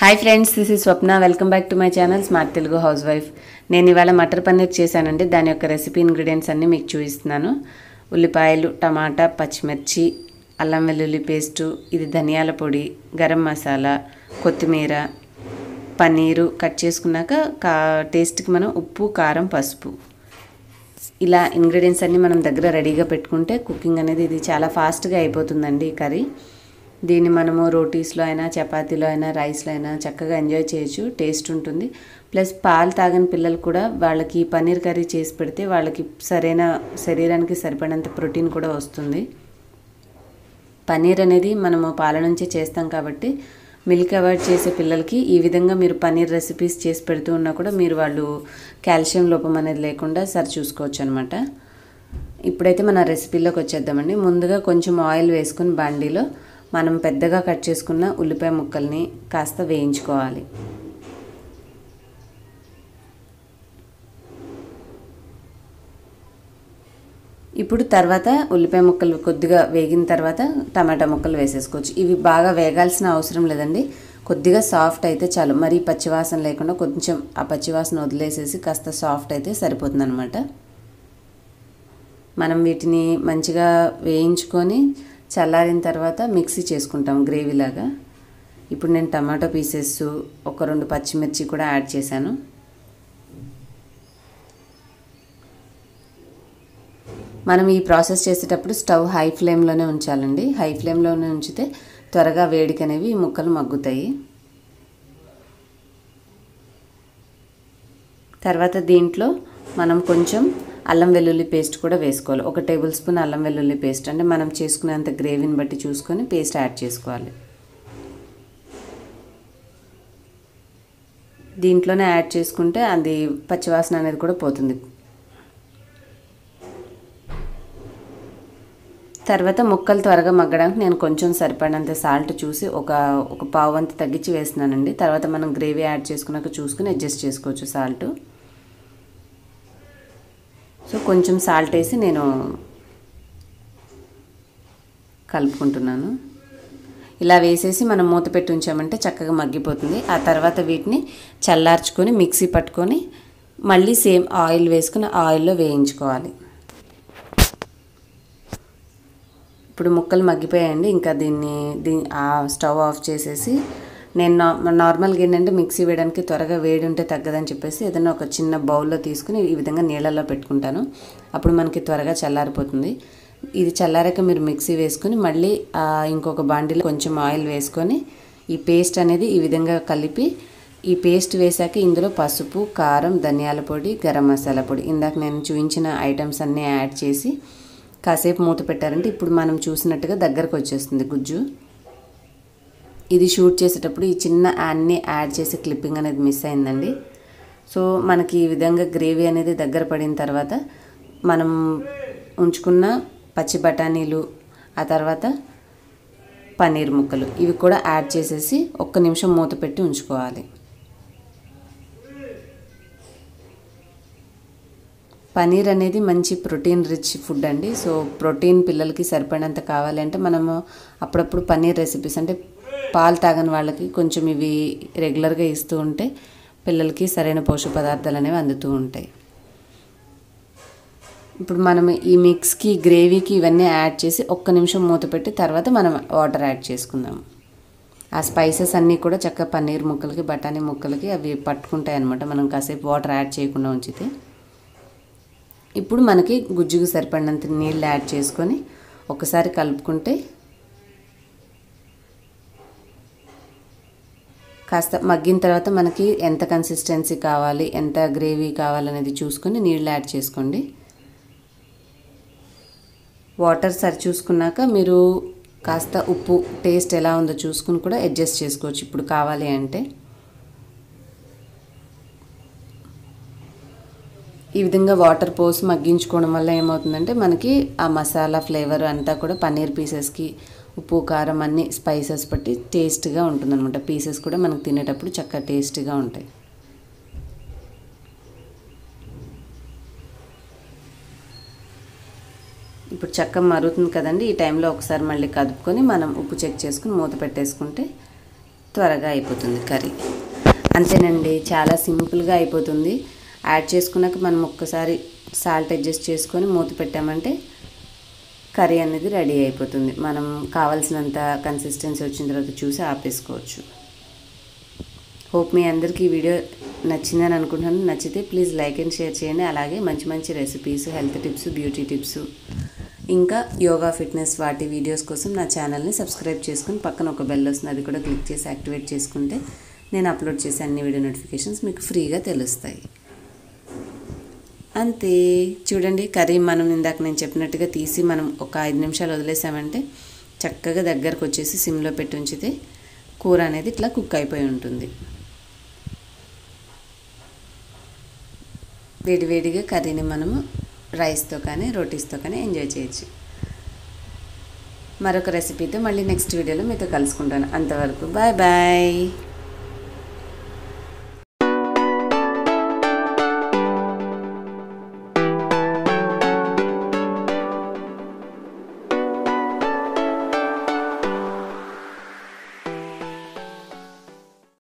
hi friends this is Swapna welcome back to my channel smart Telugu housewife నేను ఇవాళ మటర్ పన్నీర్ చేశానండి దాని యొక్క రెసిపీ ఇంగ్రీడియంట్స్ అన్నీ మీకు చూపిస్తున్నాను ఉల్లిపాయలు టమాటా పచ్చిమిర్చి అల్లం వెల్లుల్లి పేస్టు ఇది ధనియాల పొడి గరం మసాలా కొత్తిమీర పన్నీరు కట్ చేసుకున్నాక కా టేస్ట్కి మనం ఉప్పు కారం పసుపు ఇలా ఇంగ్రీడియంట్స్ అన్నీ మనం దగ్గర రెడీగా పెట్టుకుంటే కుకింగ్ అనేది ఇది చాలా ఫాస్ట్గా అయిపోతుందండి ఈ కర్రీ దీన్ని మనము రోటీస్లో అయినా చపాతీలో అయినా రైస్లో అయినా చక్కగా ఎంజాయ్ చేయొచ్చు టేస్ట్ ఉంటుంది ప్లస్ పాలు తాగని పిల్లలు కూడా వాళ్ళకి పన్నీర్ కర్రీ చేసి పెడితే వాళ్ళకి సరైన శరీరానికి సరిపడినంత ప్రోటీన్ కూడా వస్తుంది పన్నీర్ అనేది మనము పాల నుంచి చేస్తాం కాబట్టి మిల్క్ అవాయిడ్ చేసే పిల్లలకి ఈ విధంగా మీరు పన్నీర్ రెసిపీస్ చేసి పెడుతూ ఉన్నా కూడా మీరు వాళ్ళు కాల్షియం లోపం అనేది లేకుండా సరి చూసుకోవచ్చు అనమాట ఇప్పుడైతే మన రెసిపీలోకి వచ్చేద్దామండి ముందుగా కొంచెం ఆయిల్ వేసుకుని బండిలో మనం పెద్దగా కట్ చేసుకున్న ఉల్లిపాయ ముక్కల్ని కాస్త వేయించుకోవాలి ఇప్పుడు తర్వాత ఉల్లిపాయ ముక్కలు కొద్దిగా వేగిన తర్వాత టమాటా ముక్కలు వేసేసుకోవచ్చు ఇవి బాగా వేగాల్సిన అవసరం లేదండి కొద్దిగా సాఫ్ట్ అయితే చాలు మరీ పచ్చివాసన లేకుండా కొంచెం ఆ పచ్చివాసన వదిలేసేసి కాస్త సాఫ్ట్ అయితే సరిపోతుందనమాట మనం వీటిని మంచిగా వేయించుకొని చల్లారిన తర్వాత మిక్సీ చేసుకుంటాం గ్రేవీలాగా ఇప్పుడు నేను టమాటో పీసెస్ ఒక రెండు పచ్చిమిర్చి కూడా యాడ్ చేశాను మనం ఈ ప్రాసెస్ చేసేటప్పుడు స్టవ్ హై ఫ్లేమ్లోనే ఉంచాలండి హై ఫ్లేమ్లోనే ఉంచితే త్వరగా వేడికి అనేవి ముక్కలు మగ్గుతాయి తర్వాత దీంట్లో మనం కొంచెం అల్లం వెల్లుల్లి పేస్ట్ కూడా వేసుకోవాలి ఒక టేబుల్ స్పూన్ అల్లం వెల్లుల్లి పేస్ట్ అంటే మనం చేసుకునేంత గ్రేవీని బట్టి చూసుకొని పేస్ట్ యాడ్ చేసుకోవాలి దీంట్లోనే యాడ్ చేసుకుంటే అది పచ్చివాసన అనేది కూడా పోతుంది తర్వాత ముక్కలు త్వరగా మగ్గడానికి నేను కొంచెం సరిపడినంత సాల్ట్ చూసి ఒక ఒక పావు వంతు తగ్గించి వేస్తున్నానండి తర్వాత మనం గ్రేవీ యాడ్ చేసుకున్నాక చూసుకుని అడ్జస్ట్ చేసుకోవచ్చు సాల్ట్ సో కొంచెం సాల్ట్ వేసి నేను కలుపుకుంటున్నాను ఇలా వేసేసి మనం మూత పెట్టి ఉంచామంటే చక్కగా మగ్గిపోతుంది ఆ తర్వాత వీటిని చల్లార్చుకొని మిక్సీ పట్టుకొని మళ్ళీ సేమ్ ఆయిల్ వేసుకుని ఆయిల్లో వేయించుకోవాలి ఇప్పుడు ముక్కలు మగ్గిపోయాయండి ఇంకా దీన్ని దీ స్టవ్ ఆఫ్ చేసేసి నేను నార్మల్ ఏంటంటే మిక్సీ వేయడానికి త్వరగా వేడి ఉంటే తగ్గదని చెప్పేసి ఏదైనా ఒక చిన్న బౌల్లో తీసుకుని ఈ విధంగా నీళ్ళల్లో పెట్టుకుంటాను అప్పుడు మనకి త్వరగా చల్లారిపోతుంది ఇది చల్లారాక మీరు మిక్సీ వేసుకొని మళ్ళీ ఇంకొక బాండీలో కొంచెం ఆయిల్ వేసుకొని ఈ పేస్ట్ అనేది ఈ విధంగా కలిపి ఈ పేస్ట్ వేశాక ఇందులో పసుపు కారం ధనియాల పొడి గరం మసాలా పొడి ఇందాక నేను చూపించిన ఐటమ్స్ అన్నీ యాడ్ చేసి కాసేపు మూత పెట్టారంటే ఇప్పుడు మనం చూసినట్టుగా దగ్గరకు వచ్చేస్తుంది గుజ్జు ఇది షూట్ చేసేటప్పుడు ఈ చిన్న యాడ్ని యాడ్ చేసే క్లిప్పింగ్ అనేది మిస్ అయిందండి సో మనకి ఈ విధంగా గ్రేవీ అనేది దగ్గర పడిన తర్వాత మనం ఉంచుకున్న పచ్చి బఠానీలు ఆ తర్వాత పన్నీర్ ముక్కలు ఇవి కూడా యాడ్ చేసేసి ఒక్క నిమిషం మూత పెట్టి ఉంచుకోవాలి పనీర్ అనేది మంచి ప్రోటీన్ రిచ్ ఫుడ్ అండి సో ప్రోటీన్ పిల్లలకి సరిపడినంత కావాలంటే మనము అప్పుడప్పుడు పన్నీర్ రెసిపీస్ అంటే పాలు తాగని వాళ్ళకి కొంచెం ఇవి రెగ్యులర్గా ఇస్తూ ఉంటే పిల్లలకి సరైన పోషక పదార్థాలు అనేవి అందుతూ ఉంటాయి ఇప్పుడు మనం ఈ మిక్స్కి గ్రేవీకి ఇవన్నీ యాడ్ చేసి ఒక్క నిమిషం మూత పెట్టి తర్వాత మనం వాటర్ యాడ్ చేసుకుందాం ఆ స్పైసెస్ అన్నీ కూడా చక్కగా పన్నీర్ ముక్కలకి బఠానీ ముక్కలకి అవి పట్టుకుంటాయి అనమాట మనం కాసేపు వాటర్ యాడ్ చేయకుండా ఉంచితే ఇప్పుడు మనకి గుజ్జుకు సరిపడినంత నీళ్ళు యాడ్ చేసుకొని ఒకసారి కలుపుకుంటే కాస్త మగ్గిన తర్వాత మనకి ఎంత కన్సిస్టెన్సీ కావాలి ఎంత గ్రేవీ కావాలనేది చూసుకొని నీళ్ళు యాడ్ చేసుకోండి వాటర్ సరి చూసుకున్నాక మీరు కాస్త ఉప్పు టేస్ట్ ఎలా ఉందో చూసుకుని కూడా అడ్జస్ట్ చేసుకోవచ్చు ఇప్పుడు కావాలి అంటే ఈ విధంగా వాటర్ పోసి మగ్గించుకోవడం వల్ల ఏమవుతుందంటే మనకి ఆ మసాలా ఫ్లేవర్ అంతా కూడా పన్నీర్ పీసెస్కి ఉప్పు కారం అన్ని స్పైసెస్ బట్టి టేస్ట్గా ఉంటుందన్నమాట పీసెస్ కూడా మనకు తినేటప్పుడు చక్కగా టేస్ట్గా ఉంటాయి ఇప్పుడు చక్క మరుగుతుంది కదండి ఈ టైంలో ఒకసారి మళ్ళీ కదుపుకొని మనం ఉప్పు చెక్ చేసుకుని మూత పెట్టేసుకుంటే త్వరగా అయిపోతుంది కర్రీ అంతేనండి చాలా సింపుల్గా అయిపోతుంది యాడ్ చేసుకున్నాక మనం ఒక్కసారి సాల్ట్ అడ్జస్ట్ చేసుకొని మూత పెట్టామంటే కర్రీ అనేది రెడీ అయిపోతుంది మనం కావాల్సినంత కన్సిస్టెన్సీ వచ్చిన తర్వాత చూసి ఆపేసుకోవచ్చు హోప్ మీ అందరికీ ఈ వీడియో నచ్చిందని అనుకుంటున్నాను నచ్చితే ప్లీజ్ లైక్ అండ్ షేర్ చేయండి అలాగే మంచి మంచి recipes health tips beauty tips ఇంకా యోగా ఫిట్నెస్ వాటి వీడియోస్ కోసం నా ఛానల్ని సబ్స్క్రైబ్ చేసుకుని పక్కన ఒక బెల్ వస్తుంది అది కూడా క్లిక్ చేసి యాక్టివేట్ చేసుకుంటే నేను అప్లోడ్ చేసే అన్ని వీడియో నోటిఫికేషన్స్ మీకు ఫ్రీగా తెలుస్తాయి అంతే చూడండి కర్రీ మనం ఇందాక నేను చెప్పినట్టుగా తీసి మనం ఒక ఐదు నిమిషాలు వదిలేసామంటే చక్కగా దగ్గరకు వచ్చేసి సిమ్లో పెట్టి ఉంచితే కూర అనేది ఇట్లా కుక్ అయిపోయి ఉంటుంది వేడివేడిగా కర్రీని మనము రైస్తో కానీ రోటీస్తో కానీ ఎంజాయ్ చేయొచ్చు మరొక రెసిపీతో మళ్ళీ నెక్స్ట్ వీడియోలో మీతో కలుసుకుంటాను అంతవరకు బాయ్ బాయ్